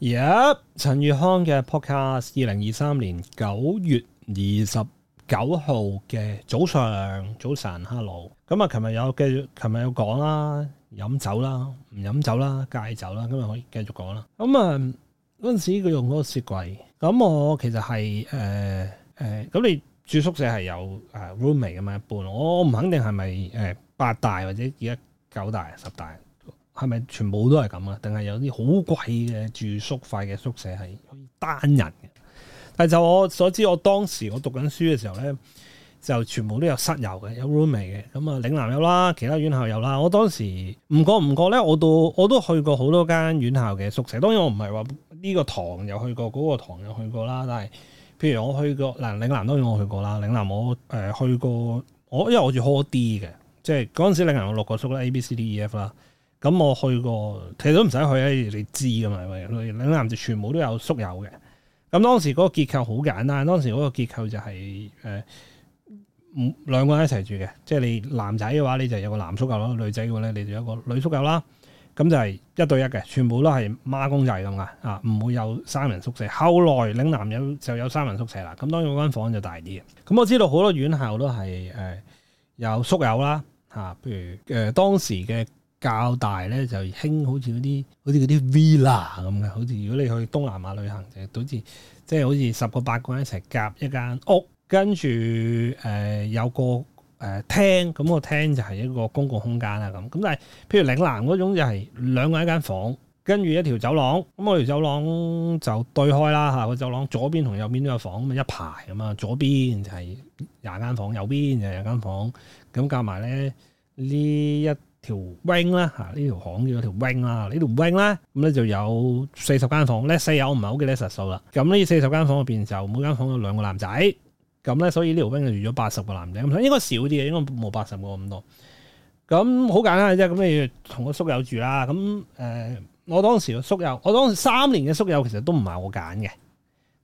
入、yeah，陳玉康嘅 podcast，二零二三年九月二十九號嘅早上，早晨，哈嘍。咁啊，琴日有繼續，琴日有講啦，飲酒啦，唔飲酒啦，戒酒啦。今日可以繼續講啦。咁啊，嗰陣時佢用嗰個雪櫃。咁我其實係誒，咁你住宿舍係有 roommate 咁樣一半，我唔肯定係咪誒八大或者而家九大、十大。係咪全部都係咁啊？定係有啲好貴嘅住宿費嘅宿舍係可以單人嘅？但係就我所知，我當時我讀緊書嘅時候咧，就全部都有室友嘅，有 roommate 嘅。咁啊，嶺南有啦，其他院校有啦。我當時唔過唔過咧，我都我都去過好多間院校嘅宿舍。當然我唔係話呢個堂又去過，嗰個堂又去過啦。但係，譬如我去過嗱，嶺南當然我去過啦。嶺南我誒去過，我因為我住 Hall D 嘅，即係嗰陣時嶺南有六個宿啦，A、B、C、D、E、F 啦。咁我去過，其實都唔使去啊，你知噶嘛？咪嶺南就全部都有宿友嘅。咁當時嗰個結構好簡單，當時嗰個結構就係、是、誒，兩、呃、個人一齊住嘅。即係你男仔嘅話，你就有個男宿友啦；女仔嘅話咧，你就有個女宿友啦。咁就係一對一嘅，全部都係孖公仔咁噶。啊，唔會有三人宿舍。後來嶺南有就有三人宿舍啦。咁、啊、當然嗰間房間就大啲嘅。咁我知道好多院校都係、呃、有宿友啦。嚇、啊，譬如、呃、當時嘅。較大咧就興好似嗰啲好似嗰啲 villa 咁嘅，好似如果你去東南亞旅行就好似即係好似十個八個人一齊夾一間屋，跟住、呃、有個誒、呃、廳，咁、個廳就係一個公共空間啦咁。咁但係譬如嶺南嗰種就係兩個人一間房，跟住一條走廊，咁我條走廊就對開啦嚇，個走廊左邊同右邊都有房，咁一排咁啊，左邊就係廿間房，右邊就有間房，咁夾埋咧呢一條 wing 啦，吓呢條巷叫條 wing 啦，呢條 wing 啦咁咧就有四十間房，咧四友唔係好記得實數啦。咁呢四十間房入邊就每間房有兩個男仔，咁咧所以呢條 wing 就預咗八十個男仔，咁所以應該少啲嘅，應該冇八十個咁多。咁好簡單嘅啫，咁你要同個宿友住啦。咁誒、呃，我當時個宿友，我當時三年嘅宿友其實都唔係我揀嘅。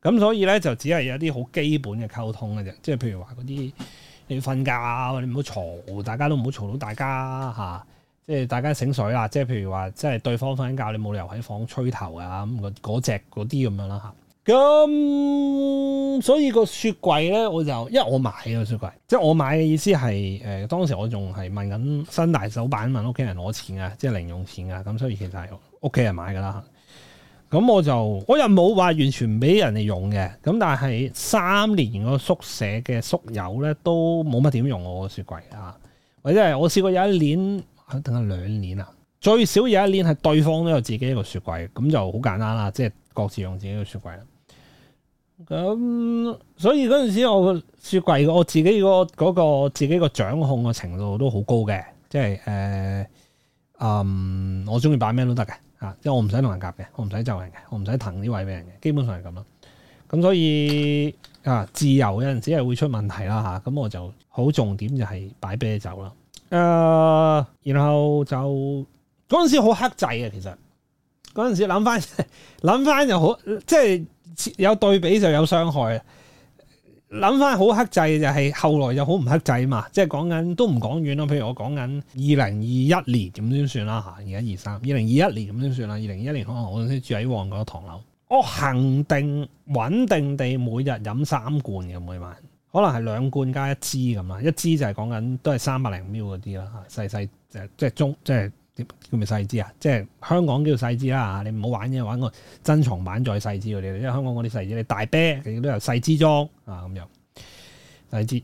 咁所以咧就只係有啲好基本嘅溝通嘅啫，即係譬如話嗰啲。你要瞓覺啊，你唔好嘈，大家都唔好嘈到大家、啊、即係大家醒水啦。即係譬如話，即係對方瞓緊覺，你冇理由喺房吹頭、嗰個嗰個、那啊咁嗰隻隻嗰啲咁樣啦嚇。咁、嗯、所以個雪櫃咧，我就因為我買個雪櫃，即係我買嘅意思係誒、呃，當時我仲係問緊新大手板問屋企人攞錢啊，即係零用錢啊，咁所以其實係屋企人買噶啦。咁我就我又冇話完全唔俾人哋用嘅，咁但係三年個宿舍嘅宿友咧都冇乜點用我個雪櫃啊，或者係我試過有一年，等下兩年啊，最少有一年係對方都有自己一個雪櫃，咁就好簡單啦，即係各自用自己個雪櫃。咁、嗯、所以嗰陣時我個雪櫃我自己、嗰個嗰、嗰個自己個掌控嘅程度都好高嘅，即係誒、呃，嗯，我中意擺咩都得嘅。因為我唔使同人夾嘅，我唔使就人嘅，我唔使騰啲位俾人嘅，基本上係咁咯。咁所以啊，自由有陣時係會出問題啦吓。咁、啊、我就好重點就係擺啤酒啦。誒、呃，然後就嗰陣時好克制嘅，其實嗰陣時諗翻諗翻又好，即係有對比就有傷害啊。諗翻好克制就係後來又好唔克制啊嘛，即係講緊都唔講遠啦，譬如我講緊二零二一年點先算啦嚇，二零二三、二零二一年點先算啦。二零二一年可能我先住喺旺角唐樓，我恒定穩定地每日飲三罐嘅每晚，可能係兩罐加一支咁啦，一支就係講緊都係三百零 ml 嗰啲啦嚇，細細即係即係中即係。叫咩細支啊？即係香港叫細支啦吓，你唔好玩嘢玩個珍藏版再細支嗰啲，因為香港嗰啲細支，你大啤亦都有細支裝啊，咁樣細支，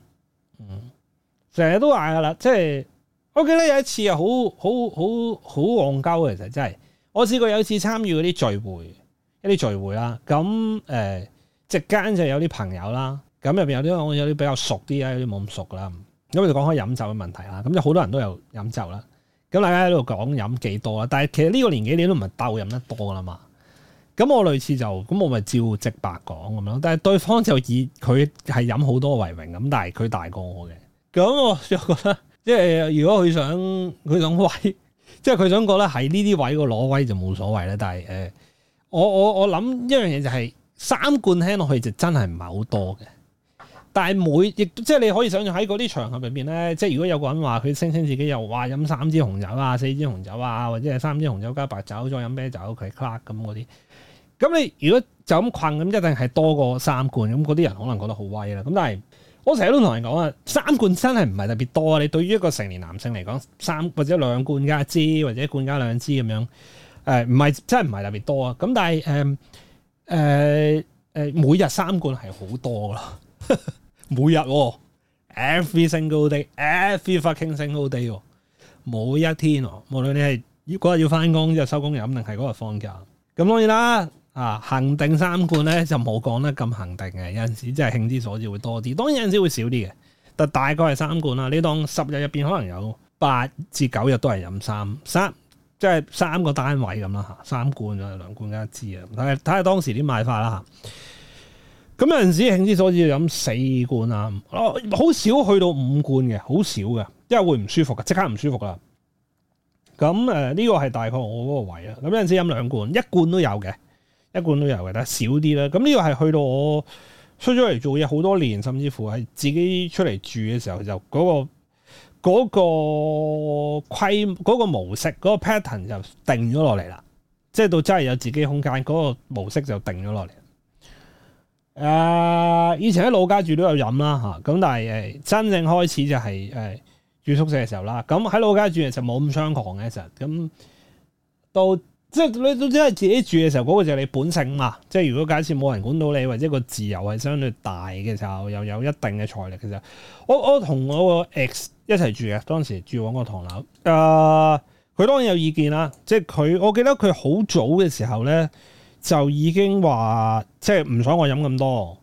嗯，成日都嗌噶啦，即係我記得有一次啊，好好好好戇鳩嘅，其實真係我試過有一次參與嗰啲聚會，一啲聚會啦，咁即席間就有啲朋友啦，咁入面有啲有啲比較熟啲啊，有啲冇咁熟啦，因為講開飲酒嘅問題啦，咁就好多人都有飲酒啦。咁大家喺度講飲幾多啦，但係其實呢個年紀你都唔係鬥飲得多啦嘛。咁我類似就咁我咪照直白講咁樣，但係對方就以佢係飲好多為榮咁，但係佢大過我嘅。咁我就覺得，即係如果佢想佢想威，即係佢想覺得喺呢啲位個攞威就冇所謂啦。但係誒，我我我諗一樣嘢就係、是、三罐聽落去就真係唔係好多嘅。但係每亦即係你可以想象喺嗰啲場合入面咧，即係如果有個人話佢聲稱自己又話飲三支紅酒啊、四支紅酒啊，或者係三支紅酒加白酒再飲啤酒，佢 clark 咁嗰啲，咁你如果就咁困咁一定係多過三罐咁，嗰啲人可能覺得好威啦。咁但係我成日都同人講啊，三罐真係唔係特別多啊。你對於一個成年男性嚟講，三或者兩罐加一支，或者一罐加兩支咁樣，呃、唔係、真係唔係特別多啊。咁但係、呃呃、每日三罐係好多咯。 每日、啊、every single day，every fucking single day，、啊、每一天、啊、無論你係嗰日要翻工就收工飲，定係嗰日放假，咁當然啦，啊恒定三罐咧就冇講得咁恒定嘅，有陣時真係興之所至會多啲，當然有陣時會少啲嘅，但大概係三罐啦，你當十日入邊可能有八至九日都係飲三三，即係、就是、三個單位咁啦吓，三罐啊兩罐加一支啊，睇睇下當時啲買法啦吓。咁有陣時興之所至飲四罐啊，哦、啊，好少去到五罐嘅，好少嘅，因為會唔舒服嘅，即刻唔舒服啦。咁呢、呃呢個係大概我嗰個位啊。咁有陣時飲兩罐，一罐都有嘅，一罐都有嘅，但係少啲啦。咁呢個係去到我出咗嚟做嘢好多年，甚至乎係自己出嚟住嘅時候就、嗰個，就嗰個嗰個規、嗰個、模式嗰、嗰個 pattern 就定咗落嚟啦。即、就、係、係、到真係有自己空間嗰、嗰個模式就定咗落嚟。誒、呃，以前喺老家住都有飲啦吓，咁但係誒、呃、真正開始就係、是、誒、呃、住宿舍嘅時候啦，咁喺老家住其實冇咁猖狂嘅時候，咁到即係你都知係自己住嘅時候，嗰、那個就係你本性嘛。即係如果假設冇人管到你，或者個自由係相對大嘅時候，又有一定嘅財力嘅時候，我我同我個 ex 一齊住嘅，當時住喺個唐樓，誒、呃，佢當然有意見啦，即係佢我記得佢好早嘅時候咧。就已經話即係唔想我飲咁多，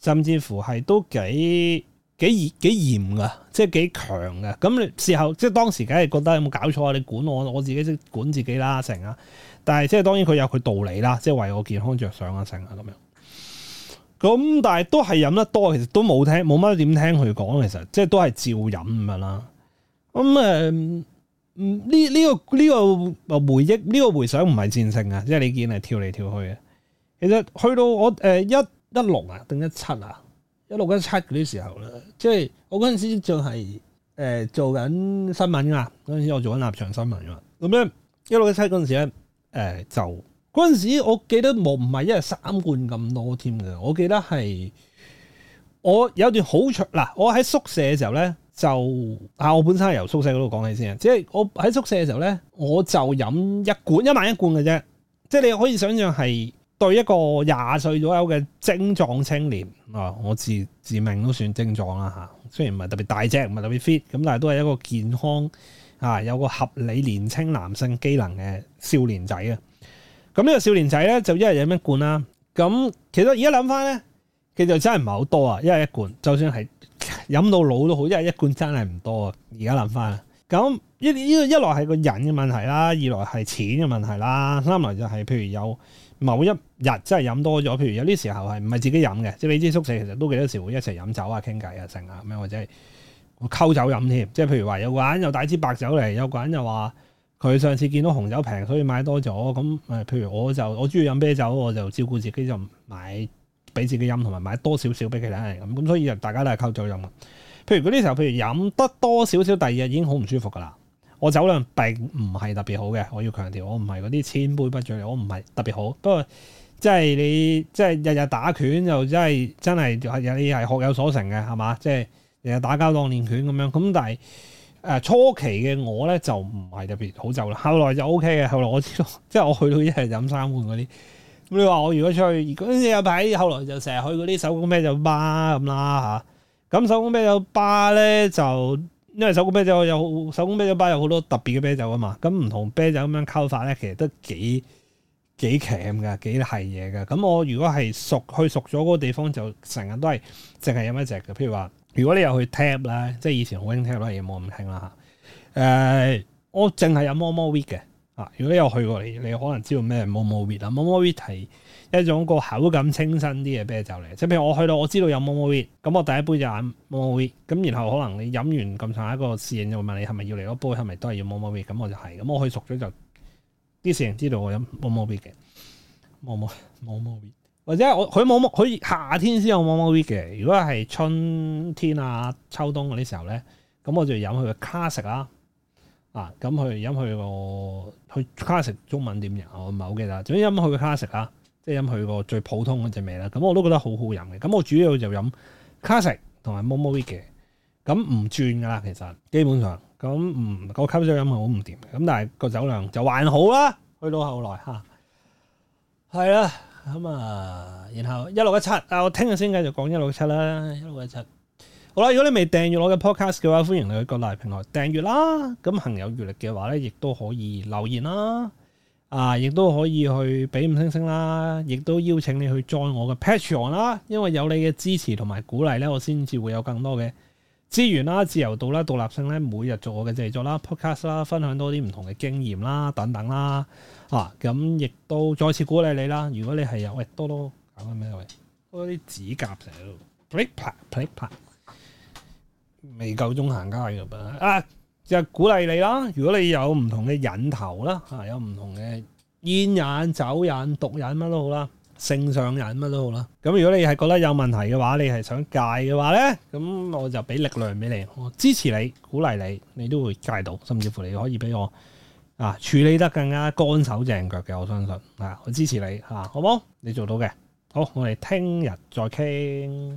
甚至乎係都幾幾幾嚴㗎，即係幾強嘅。咁你事後即係當時梗係覺得有冇搞錯啊？你管我，我自己識管自己啦，成啊！但係即係當然佢有佢道理啦，即係為我健康着想啊，成啊咁樣。咁但係都係飲得多，其實都冇聽冇乜點聽佢講，其實即係都係照飲咁樣啦。咁誒。嗯嗯，呢、這、呢個呢、這個回憶，呢、這個回想唔係戰勝啊，即係你見係跳嚟跳去嘅。其實去到我誒一一六啊，定一七啊，一六跟一七嗰啲時候咧，即係我嗰陣時仲係誒做緊新聞噶，嗰陣時我做緊立場新聞噶。咁樣一六一七嗰陣時咧，誒、呃、就嗰陣時我記得冇唔係一日三罐咁多添嘅，我記得係我有段好長嗱、呃，我喺宿舍嘅時候咧。就啊！我本身係由宿舍嗰度講起先，即係我喺宿舍嘅時候咧，我就飲一罐一晚一罐嘅啫。即係你可以想象係對一個廿歲左右嘅精壯青年啊，我自自命都算精壯啦嚇。雖然唔係特別大隻，唔係特別 fit，咁但係都係一個健康啊，有個合理年青男性機能嘅少年仔啊。咁、那、呢個少年仔咧，就一日飲一罐啦。咁其實而家諗翻咧，其實真係唔係好多啊，一日一罐，就算係。飲到老都好，因為一罐真係唔多啊！而家諗翻，咁一呢個一來係個人嘅問題啦，二來係錢嘅問題啦，三來就係譬如有某一日真係飲多咗，譬如有啲時候係唔係自己飲嘅，即係你知宿舍其實都幾多時會一齊飲酒啊、傾偈啊、剩啊咁樣，或者係溝酒飲添，即係譬如話有個人又帶支白酒嚟，有個人又話佢上次見到紅酒瓶，所以買多咗，咁誒譬如我就我中意飲啤酒，我就照顧自己就買。俾自己飲同埋買多少少俾其他人咁，咁所以就大家都係靠酒飲嘅。譬如嗰啲時候，譬如飲得多少少，第二日已經好唔舒服噶啦。我酒量並唔係特別好嘅。我要強調，我唔係嗰啲千杯不醉，我唔係特別好。不過即係你即係日日打拳又真係真係有啲係學有所成嘅，係嘛？即係日日打交當練拳咁樣。咁但係、呃、初期嘅我咧就唔係特別好酒啦。後來就 O K 嘅，後來我知道，即係我去到一日飲三碗嗰啲。你話我如果出去，跟住有排，後來就成日去嗰啲手工啤酒吧咁啦嚇。咁手工啤酒吧咧，就因為手工啤酒有手工啤酒吧有好多特別嘅啤酒啊嘛。咁唔同啤酒咁樣溝法咧，其實都幾幾攪嘅，幾係嘢嘅。咁我如果係熟去熟咗嗰個地方，就成日都係淨係飲一隻嘅。譬如話，如果你又去 tap 啦，即係以前好興 tap 啦，而家冇咁興啦嚇。誒、呃，我淨係飲麼麼 WIT 嘅。啊！如果你有去過你，你你可能知道咩？Momo Wit 啊，Momo Wit 係一種個口感清新啲嘅啤酒嚟。即係譬如我去到，我知道有 Momo Wit，咁我第一杯就飲 Momo Wit。咁然後可能你飲完咁上一個侍應就又問你係咪要嚟嗰杯？係咪都係要 Momo Wit？咁我就係、是。咁我去熟咗就啲侍應知道我飲 Momo Wit 嘅，Momo Momo Wit。或者我佢冇冇，佢夏天先有 Momo Wit 嘅。如果係春天啊、秋冬嗰啲時候咧，咁我就飲佢嘅 Cask 啊。啊，咁去飲佢個去卡 l 中文點飲，我唔係好記得，總之飲佢個卡食啦，即係飲佢個最普通嗰隻味啦。咁我都覺得好好飲嘅。咁我主要就飲卡 l 同埋 mo mo k 嘅，咁唔轉噶啦，其實基本上，咁唔個吸收飲好唔掂咁但係個酒量就還好啦。去到後來吓，係、啊、啦，咁啊，然後一六一七，我聽個先音就講一一七啦，一六一七。好啦，如果你未訂閱我嘅 podcast 嘅話，歡迎你去各大平台訂閱啦。咁，行有餘力嘅話咧，亦都可以留言啦。啊，亦都可以去俾五星星啦。亦都邀請你去 join 我嘅 patron 啦。因為有你嘅支持同埋鼓勵咧，我先至會有更多嘅資源啦、自由度啦、獨立性咧，每日做我嘅製作啦、podcast 啦，分享多啲唔同嘅經驗啦，等等啦。啊，咁亦都再次鼓勵你啦。如果你係有喂，多多，搞緊咩喂？多啲指甲皮都未夠鐘行街㗎噃，啊，就係鼓勵你啦。如果你有唔同嘅癮頭啦，有唔同嘅煙癮、酒癮、毒癮，乜都好啦，性上癮乜都好啦。咁如果你係覺得有問題嘅話，你係想戒嘅話咧，咁我就俾力量俾你，我支持你，鼓勵你，你都會戒到，甚至乎你可以俾我啊處理得更加乾手淨腳嘅。我相信啊，我支持你啊，好唔好？你做到嘅，好，我哋聽日再傾。